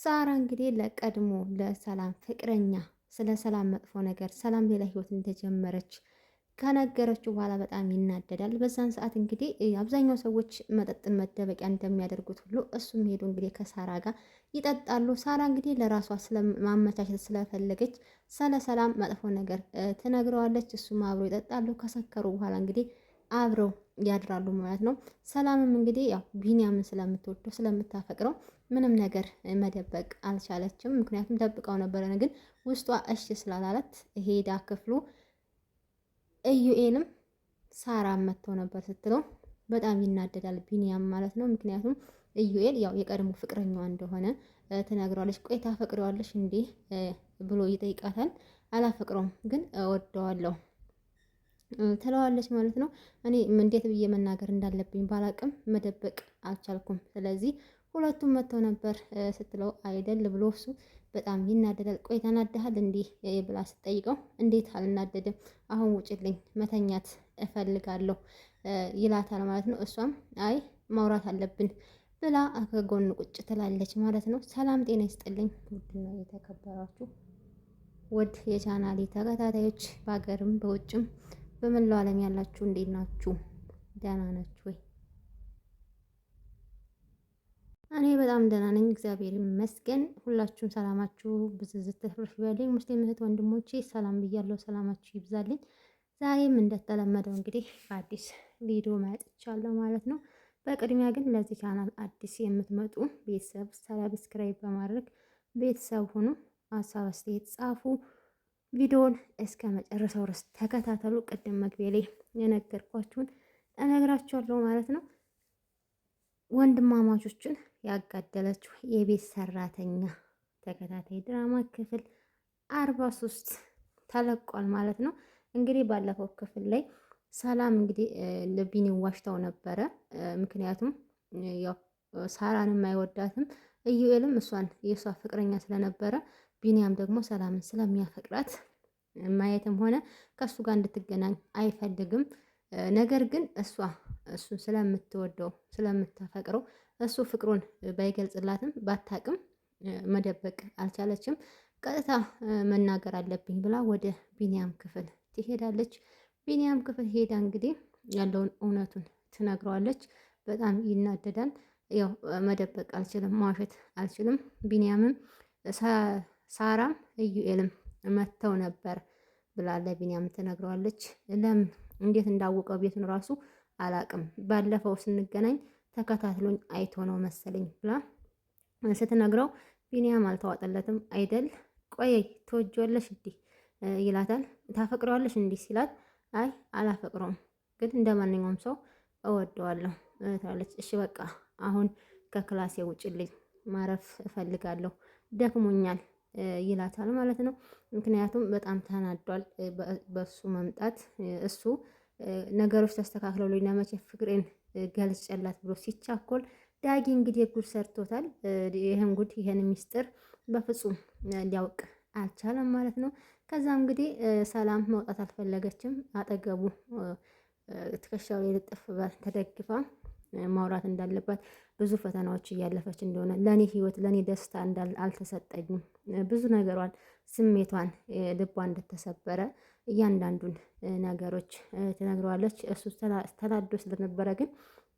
ሳራ እንግዲህ ለቀድሞ ለሰላም ፍቅረኛ ስለ ሰላም መጥፎ ነገር ሰላም ሌላ ህይወት እንደጀመረች ከነገረችው በኋላ በጣም ይናደዳል። በዛን ሰዓት እንግዲህ አብዛኛው ሰዎች መጠጥን መደበቂያ እንደሚያደርጉት ሁሉ እሱም ሄዱ እንግዲህ ከሳራ ጋር ይጠጣሉ። ሳራ እንግዲህ ለራሷ ማመቻቸት ስለፈለገች ስለ ሰላም መጥፎ ነገር ትነግረዋለች። እሱም አብሮ ይጠጣሉ። ከሰከሩ በኋላ እንግዲህ አብረው ያድራሉ ማለት ነው። ሰላምም እንግዲህ ያው ቢኒያምን ስለምትወደው ስለምታፈቅረው ምንም ነገር መደበቅ አልቻለችም። ምክንያቱም ደብቀው ነበረ፣ ግን ውስጧ እሺ ስላላለት ሄዳ ክፍሉ እዩኤልም ሳራ መጥተው ነበር ስትለው በጣም ይናደዳል ቢኒያም ማለት ነው። ምክንያቱም እዩኤል ያው የቀድሞ ፍቅረኛዋ እንደሆነ ትነግረዋለች። ቆይ ታፈቅረዋለሽ እንዴ ብሎ ይጠይቃታል። አላፈቅረውም ግን እወደዋለሁ ትለዋለች ማለት ነው። እኔ እንዴት ብዬ መናገር እንዳለብኝ ባላቅም መደበቅ አልቻልኩም። ስለዚህ ሁለቱም መጥተው ነበር ስትለው አይደል ብሎ እሱ በጣም ይናደዳል። ቆይ ተናደሃል እንዲህ ብላ ስትጠይቀው እንዴት አልናደድም፣ አሁን ውጭልኝ መተኛት እፈልጋለሁ ይላታል ማለት ነው። እሷም አይ ማውራት አለብን ብላ ከጎን ቁጭ ትላለች ማለት ነው። ሰላም ጤና ይስጥልኝ ውድና የተከበራችሁ ውድ የቻናሌ ተከታታዮች በሀገርም በውጭም በመላው ዓለም ያላችሁ እንዴት ናችሁ? ደህና ናችሁ ወይ? እኔ በጣም ደህና ነኝ፣ እግዚአብሔር ይመስገን። ሁላችሁም ሰላማችሁ ብዙ ዝትርፍ ይበልኝ። ሙስሊም እህት ወንድሞቼ ሰላም ብያለሁ፣ ሰላማችሁ ይብዛልኝ። ዛሬም እንደተለመደው እንግዲህ በአዲስ ቪዲዮ መጥቻለሁ ማለት ነው። በቅድሚያ ግን ለዚህ ቻናል አዲስ የምትመጡ ቤተሰብ ሰብስክራይብ በማድረግ ቤተሰብ ሁኑ፣ ሀሳብ አስተያየት ጻፉ። ቪዲዮውን እስከ መጨረሻው ድረስ ተከታተሉ። ቅድም መግቢያ ላይ የነገርኳችሁን እነግራችኋለሁ ማለት ነው። ወንድማማቾችን ያጋደለችው የቤት ሰራተኛ ተከታታይ ድራማ ክፍል አርባ ሶስት ተለቋል ማለት ነው። እንግዲህ ባለፈው ክፍል ላይ ሰላም እንግዲህ ልቢን ዋሽታው ነበረ። ምክንያቱም ያው ሳራን አይወዳትም ኢዩኤልም እሷን የእሷ ፍቅረኛ ስለነበረ ቢኒያም ደግሞ ሰላምን ስለሚያፈቅራት ማየትም ሆነ ከእሱ ጋር እንድትገናኝ አይፈልግም። ነገር ግን እሷ እሱን ስለምትወደው ስለምታፈቅረው እሱ ፍቅሩን ባይገልጽላትም ባታቅም መደበቅ አልቻለችም። ቀጥታ መናገር አለብኝ ብላ ወደ ቢኒያም ክፍል ትሄዳለች። ቢኒያም ክፍል ሄዳ እንግዲህ ያለውን እውነቱን ትነግረዋለች። በጣም ይናደዳል። ያው መደበቅ አልችልም፣ ማሸት አልችልም። ቢንያምም ሳራም ኢዩኤልም መጥተው ነበር ብላ ለቢንያም ትነግረዋለች። ለምን እንዴት እንዳወቀው ቤቱን ራሱ አላቅም። ባለፈው ስንገናኝ ተከታትሎኝ አይቶ ነው መሰለኝ ብላ ስትነግረው ቢንያም አልተዋጠለትም አይደል። ቆይ ትወጂዋለሽ እንዲህ ይላታል። ታፈቅረዋለሽ እንዲህ ሲላት አይ አላፈቅረውም፣ ግን እንደ ማንኛውም ሰው እወደዋለሁ ትላለች። እሺ በቃ አሁን ከክላሴ ውጭልኝ ማረፍ እፈልጋለሁ ደክሞኛል ይላታል ማለት ነው። ምክንያቱም በጣም ተናዷል በእሱ መምጣት እሱ ነገሮች ተስተካክለው ልኝ ለመቼ ፍቅሬን ገልጬላት ብሎ ሲቻኮል ዳጊ እንግዲህ ጉድ ሰርቶታል። ይህን ጉድ ይህን ሚስጥር በፍጹም ሊያውቅ አልቻለም ማለት ነው። ከዛም እንግዲህ ሰላም መውጣት አልፈለገችም። አጠገቡ ትከሻው የልጥፍ ልጥፍ ተደግፋ ማውራት እንዳለባት ብዙ ፈተናዎች እያለፈች እንደሆነ ለእኔ ህይወት ለእኔ ደስታ አልተሰጠኝም ብዙ ነገሯን ስሜቷን ልቧ እንደተሰበረ እያንዳንዱን ነገሮች ትነግረዋለች። እሱ ተናዶ ስለነበረ ግን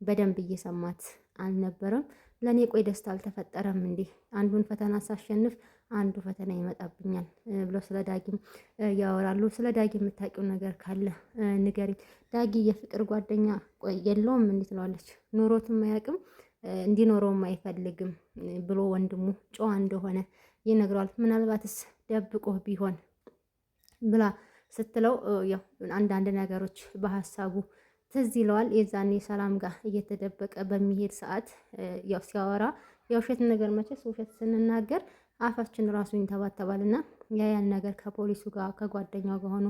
በደንብ እየሰማት አልነበረም። ለእኔ ቆይ ደስታ አልተፈጠረም እንዲህ አንዱን ፈተና ሳሸንፍ አንዱ ፈተና ይመጣብኛል ብሎ ስለ ዳጊም ያወራሉ። ስለ ዳጊ የምታውቂው ነገር ካለ ንገሪ፣ ዳጊ የፍቅር ጓደኛ የለውም እንዲ ትለዋለች። ኑሮትም አያውቅም እንዲኖረውም አይፈልግም ብሎ ወንድሙ ጨዋ እንደሆነ ይነግረዋል። ምናልባትስ ደብቆ ቢሆን ብላ ስትለው ያው አንዳንድ ነገሮች በሀሳቡ ትዝ ይለዋል። የዛኔ ሰላም ጋር እየተደበቀ በሚሄድ ሰዓት ያው ሲያወራ የውሸት ነገር መቼስ ውሸት ስንናገር አፋችን ራሱ ይንተባተባልና ያ ያን ነገር ከፖሊሱ ጋር ከጓደኛው ጋር ሆኖ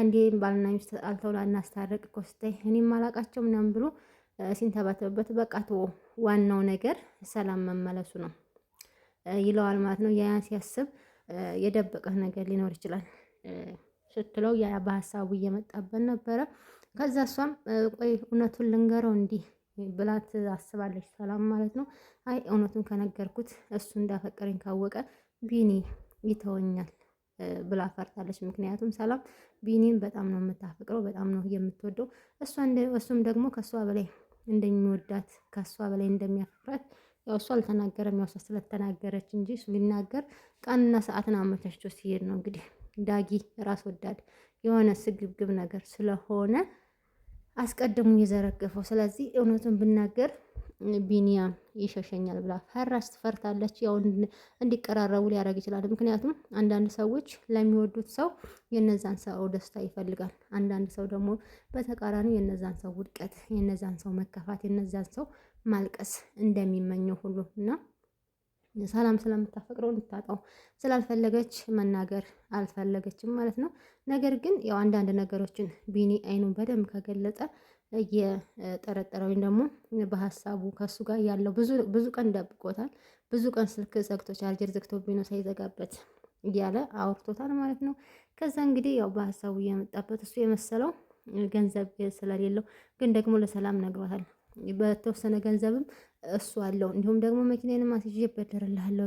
እንዲህም ባልና ሚስት ተጣልተው ላናስታርቅ እኮ ስታይ እኔም አላቃቸው ምናምን ብሎ ሲንተባተብበት በቃ ተወ፣ ዋናው ነገር ሰላም መመለሱ ነው ይለዋል ማለት ነው። ያን ሲያስብ የደበቀ ነገር ሊኖር ይችላል ስትለው ያ በሀሳቡ እየመጣበት ነበረ። ከዛ እሷም ቆይ እውነቱን ልንገረው እንዲህ ብላት አስባለች ሰላም ማለት ነው። አይ እውነቱን ከነገርኩት እሱ እንዳፈቀረኝ ካወቀ ቢኒ ይተወኛል ብላ ፈርታለች። ምክንያቱም ሰላም ቢኒን በጣም ነው የምታፈቅረው፣ በጣም ነው የምትወደው። እሱም ደግሞ ከእሷ በላይ እንደሚወዳት ከእሷ በላይ እንደሚያፈቅራት ያው እሱ አልተናገረም፣ ያው እሷ ስለተናገረች እንጂ እሱ ሊናገር ቀንና ሰዓትን አመቻችቶ ሲሄድ ነው እንግዲህ ዳጊ ራስ ወዳድ የሆነ ስግብግብ ነገር ስለሆነ አስቀድሙ የዘረገፈው። ስለዚህ እውነቱን ብናገር ቢኒያም ይሸሸኛል ብላ ፈራች፣ ትፈርታለች። ያው እንዲቀራረቡ ሊያደርግ ይችላል። ምክንያቱም አንዳንድ ሰዎች ለሚወዱት ሰው የነዛን ሰው ደስታ ይፈልጋል። አንዳንድ ሰው ደግሞ በተቃራኒ የነዛን ሰው ውድቀት፣ የነዛን ሰው መከፋት፣ የነዛን ሰው ማልቀስ እንደሚመኘው ሁሉ እና ሰላም ስለምታፈቅረው እንድታጣው ስላልፈለገች መናገር አልፈለገችም ማለት ነው። ነገር ግን ያው አንዳንድ ነገሮችን ቢኒ አይኑን በደንብ ከገለጠ እየጠረጠረ ወይም ደግሞ በሀሳቡ ከሱ ጋር ያለው ብዙ ቀን ደብቆታል። ብዙ ቀን ስልክ ዘግቶ ቻርጀር ዘግቶ ቢኖ ሳይዘጋበት እያለ አውርቶታል ማለት ነው። ከዛ እንግዲህ ያው በሀሳቡ እየመጣበት እሱ የመሰለው ገንዘብ ስለሌለው ግን ደግሞ ለሰላም ነግሯታል። በተወሰነ ገንዘብም እሱ አለው እንዲሁም ደግሞ መኪናዬን አስይዤ እበደርልሃለሁ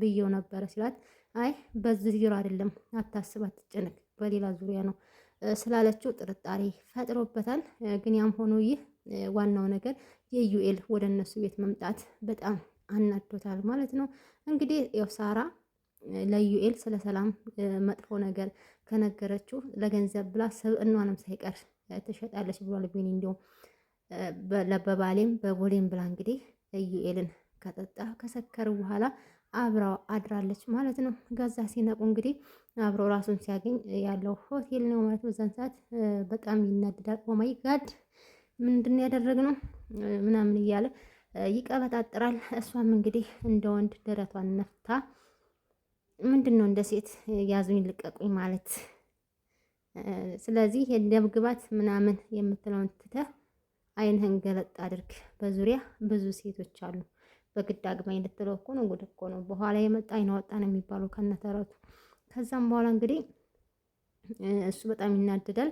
ብዬው ነበረ ሲላት፣ አይ በዚህ ዙር አይደለም አታስብ፣ አትጨነቅ፣ በሌላ ዙሪያ ነው ስላለችው ጥርጣሬ ፈጥሮበታል። ግን ያም ሆኖ ይህ ዋናው ነገር የዩኤል ወደ እነሱ ቤት መምጣት በጣም አናዶታል ማለት ነው። እንግዲህ ያው ሳራ ለዩኤል ስለ ሰላም መጥፎ ነገር ከነገረችው ለገንዘብ ብላ ስብዕናዋንም ሳይቀር ትሸጣለች ብሏል ቢኒ እንዲሁም በባሌም በቦሌም ብላ እንግዲህ ኢዩኤልን ከጠጣ ከሰከሩ በኋላ አብራው አድራለች ማለት ነው። ጋዛ ሲነቁ እንግዲህ አብሮ ራሱን ሲያገኝ ያለው ሆቴል ነው ማለት ነው። በዛን ሰዓት በጣም ይናደዳል። ኦማይ ጋድ ምንድን ነው ምናምን እያለ ይቀበጣጥራል። እሷም እንግዲህ እንደ ወንድ ደረቷን ነፍታ ምንድን ነው እንደ ሴት ያዙኝ ልቀቁኝ ማለት ስለዚህ የደም ግባት ምናምን የምትለውን ትተህ አይንህን ገለጥ አድርግ። በዙሪያ ብዙ ሴቶች አሉ። በግድ አግባኝ ልትለው እኮ ነው። ጉድ እኮ ነው። በኋላ የመጣ አይን ነው የሚባለው ከነተረቱ። ከዛም በኋላ እንግዲህ እሱ በጣም ይናደዳል።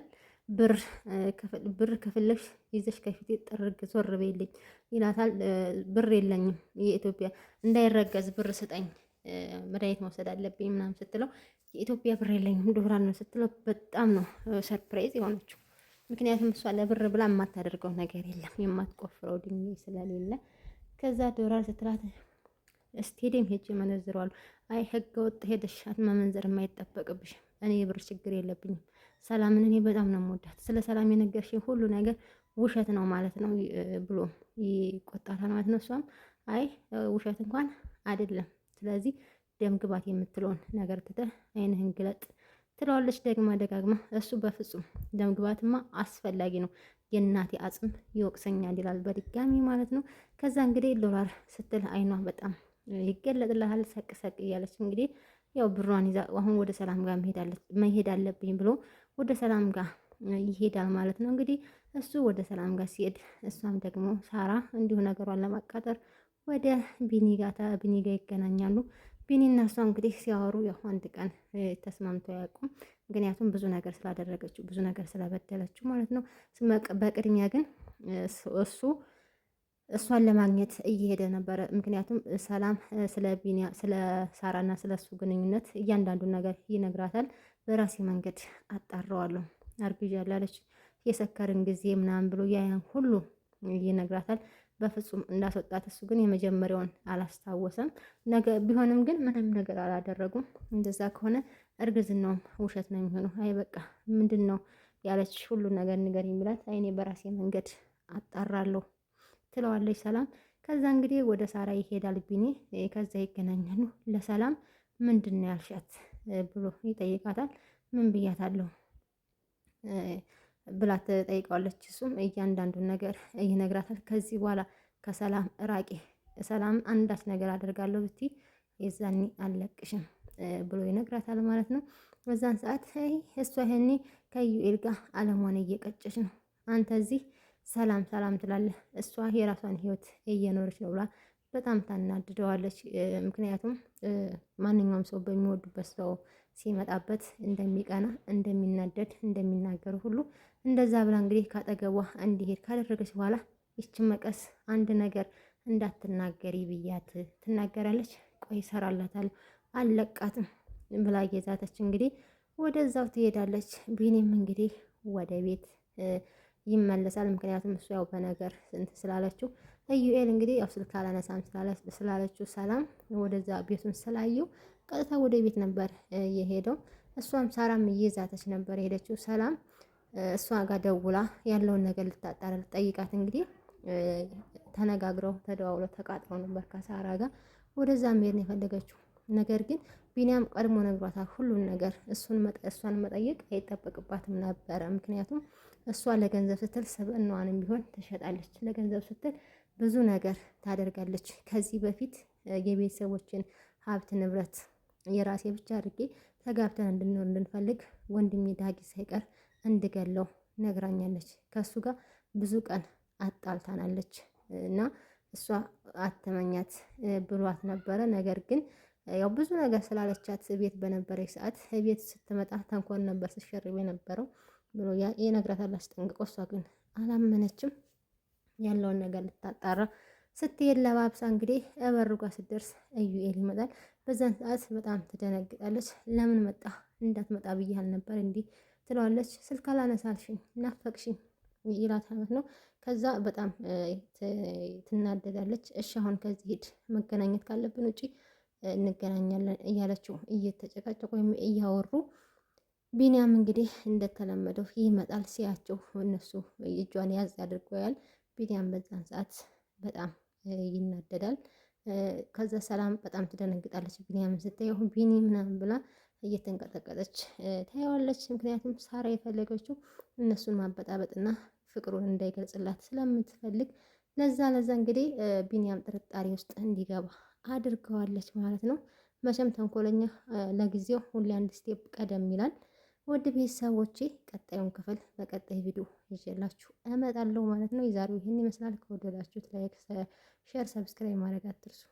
ብር ብር ከፍለሽ ይዘሽ ከፊቴ ጥርግ ዞር በይልኝ ይላታል። ብር የለኝም የኢትዮጵያ እንዳይረገዝ ብር ስጠኝ፣ መድኃኒት መውሰድ አለብኝ ምናምን ስትለው የኢትዮጵያ ብር የለኝም ዶላር ነው ስትለው በጣም ነው ሰርፕራይዝ የሆነችው። ምክንያቱም እሷ ለብር ብላ የማታደርገው ነገር የለም፣ የማትቆፍረው ድሜ ስለሌለ። ከዛ ዶላር ስትላት ስቴዲየም ሄጅ መነዝረዋሉ። አይ ህገ ወጥ ሄደሽ አትመመንዘር የማይጠበቅብሽ። እኔ የብር ችግር የለብኝም። ሰላምን እኔ በጣም ነው የምወዳት። ስለ ሰላም የነገርሽ ሁሉ ነገር ውሸት ነው ማለት ነው ብሎ ይቆጣታል ማለት ነው። እሷም አይ ውሸት እንኳን አይደለም። ስለዚህ ደምግባት የምትለውን ነገር ትተህ አይንህን ግለጥ ትለዋለች ደግማ ደጋግማ። እሱ በፍጹም ደም ግባትማ አስፈላጊ ነው፣ የእናቴ አጽም ይወቅሰኛል ይላል በድጋሚ ማለት ነው። ከዛ እንግዲህ ዶላር ስትል አይኗ በጣም ይገለጥላል ሰቅ ሰቅ እያለች እንግዲህ ያው ብሯን ይዛ አሁን ወደ ሰላም ጋር መሄድ አለብኝ ብሎ ወደ ሰላም ጋር ይሄዳል ማለት ነው። እንግዲህ እሱ ወደ ሰላም ጋር ሲሄድ እሷም ደግሞ ሳራ እንዲሁ ነገሯን ለማቃጠር ወደ ቢኒ ጋር ይገናኛሉ። ቢኒና እሷ እንግዲህ ሲያወሩ ያው አንድ ቀን ተስማምቶ አያውቁም። ምክንያቱም ብዙ ነገር ስላደረገችው ብዙ ነገር ስለበደለችው ማለት ነው። በቅድሚያ ግን እሱ እሷን ለማግኘት እየሄደ ነበረ። ምክንያቱም ሰላም ስለ ቢኒያ ስለ ሳራና ስለ እሱ ግንኙነት እያንዳንዱ ነገር ይነግራታል። በራሴ መንገድ አጣራዋለሁ አርግዣ ላለች የሰከርን ጊዜ ምናምን ብሎ ያያን ሁሉ ይነግራታል። በፍጹም እንዳስወጣት እሱ ግን የመጀመሪያውን አላስታወሰም። ነገ ቢሆንም ግን ምንም ነገር አላደረጉም። እንደዛ ከሆነ እርግዝናውም ውሸት ነው የሚሆነው። አይ በቃ ምንድን ነው ያለች ሁሉ ነገር ንገር የሚላት አይኔ በራሴ መንገድ አጣራለሁ ትለዋለች ሰላም። ከዛ እንግዲህ ወደ ሳራ ይሄዳል ቢኒ። ከዛ ይገናኛሉ። ለሰላም ምንድን ነው ያልሻት ብሎ ይጠይቃታል። ምን ብያታለሁ ብላ ትጠይቀዋለች። እሱም እያንዳንዱን ነገር ይነግራታል። ከዚህ በኋላ ከሰላም ራቂ፣ ሰላም አንዳች ነገር አደርጋለሁ ብቲ የዛኔ አለቅሽም ብሎ ይነግራታል ማለት ነው። በዛን ሰዓት እሷ ይሄኔ ከዩኤል ጋር አለሟን እየቀጨች ነው። አንተ እዚህ ሰላም ሰላም ትላለህ፣ እሷ የራሷን ህይወት እየኖረች ነው ብላ በጣም ታናድደዋለች። ምክንያቱም ማንኛውም ሰው በሚወዱበት ሰው ሲመጣበት እንደሚቀና እንደሚናደድ እንደሚናገሩ ሁሉ እንደዛ ብላ እንግዲህ ካጠገቧ እንዲሄድ ካደረገች በኋላ ይች መቀስ አንድ ነገር እንዳትናገሪ ብያት ትናገራለች። ቆይ ይሰራላታል አለቃትም ብላ እየዛተች እንግዲህ ወደዛው ትሄዳለች። ቢኒም እንግዲህ ወደ ቤት ይመለሳል። ምክንያቱም እሱ ያው በነገር ስንት ስላለችው እዩኤል እንግዲህ ያው ስልክ አላነሳም ስላለችው ሰላም ወደዛ ቤቱን ስላየው ቀጥታ ወደ ቤት ነበር የሄደው። እሷም ሳራም እየዛተች ነበር የሄደችው ሰላም እሷ ጋር ደውላ ያለውን ነገር ልታጣራ ልጠይቃት እንግዲህ ተነጋግረው ተደዋውለው ተቃጥረው ነበር ከሳራ ጋር ወደዛ መሄድ ነው የፈለገችው። ነገር ግን ቢኒያም ቀድሞ ነግሯታል ሁሉን ነገር። እሷን መጠየቅ አይጠበቅባትም ነበረ። ምክንያቱም እሷ ለገንዘብ ስትል ስብዕናዋንም ቢሆን ትሸጣለች። ለገንዘብ ስትል ብዙ ነገር ታደርጋለች። ከዚህ በፊት የቤተሰቦችን ሀብት ንብረት የራሴ ብቻ አድርጌ ተጋብተን እንድንኖር እንድንፈልግ ወንድሜ ዳጊ ሳይቀር እንድገለው ነግራኛለች። ከእሱ ጋር ብዙ ቀን አጣልታናለች እና እሷ አተመኛት ብሏት ነበረ። ነገር ግን ያው ብዙ ነገር ስላለቻት ቤት በነበረች ሰዓት ቤት ስትመጣ ተንኮል ነበር ስሸርብ የነበረው ብሎ ይነግራታል አስጠንቅቆ። እሷ ግን አላመነችም። ያለውን ነገር ልታጣራ ስትሄድ ለባብሳ እንግዲህ እበርጓ ስትደርስ እዩኤል ይመጣል። በዛን ሰዓት በጣም ትደነግጣለች። ለምን መጣ? እንዳትመጣ ብያል ነበር እንዲህ ትለዋለች። ስልክ አላነሳልሽም ናፈቅሽኝ ይላት ማለት ነው። ከዛ በጣም ትናደዳለች። እሺ አሁን ከዚህ ሂድ፣ መገናኘት ካለብን ውጪ እንገናኛለን እያለችው እየተጨቃጨቁ እያወሩ ቢንያም እንግዲህ እንደተለመደው ይመጣል። ሲያቸው እነሱ እጇን ያዝ አድርጎ ያል ቢንያም በዛን ሰዓት በጣም ይናደዳል። ከዛ ሰላም በጣም ትደነግጣለች። ቢንያምን ስታይ ቢኒ ምናምን ብላ እየተንቀጠቀጠች ታየዋለች። ምክንያቱም ሳራ የፈለገችው እነሱን ማበጣበጥና ፍቅሩን እንዳይገልጽላት ስለምትፈልግ ለዛ ለዛ እንግዲህ ቢንያም ጥርጣሬ ውስጥ እንዲገባ አድርገዋለች ማለት ነው። መቼም ተንኮለኛ ለጊዜው ሁሌ አንድ ስቴፕ ቀደም ይላል። ውድ ቤተሰቦቼ ቀጣዩን ክፍል በቀጣይ ቪዲዮ ይዤላችሁ እመጣለሁ ማለት ነው። የዛሬው ይህን ይመስላል። ከወደዳችሁት ላይክ፣ ሼር፣ ሰብስክራይብ ማድረግ አትርሱ።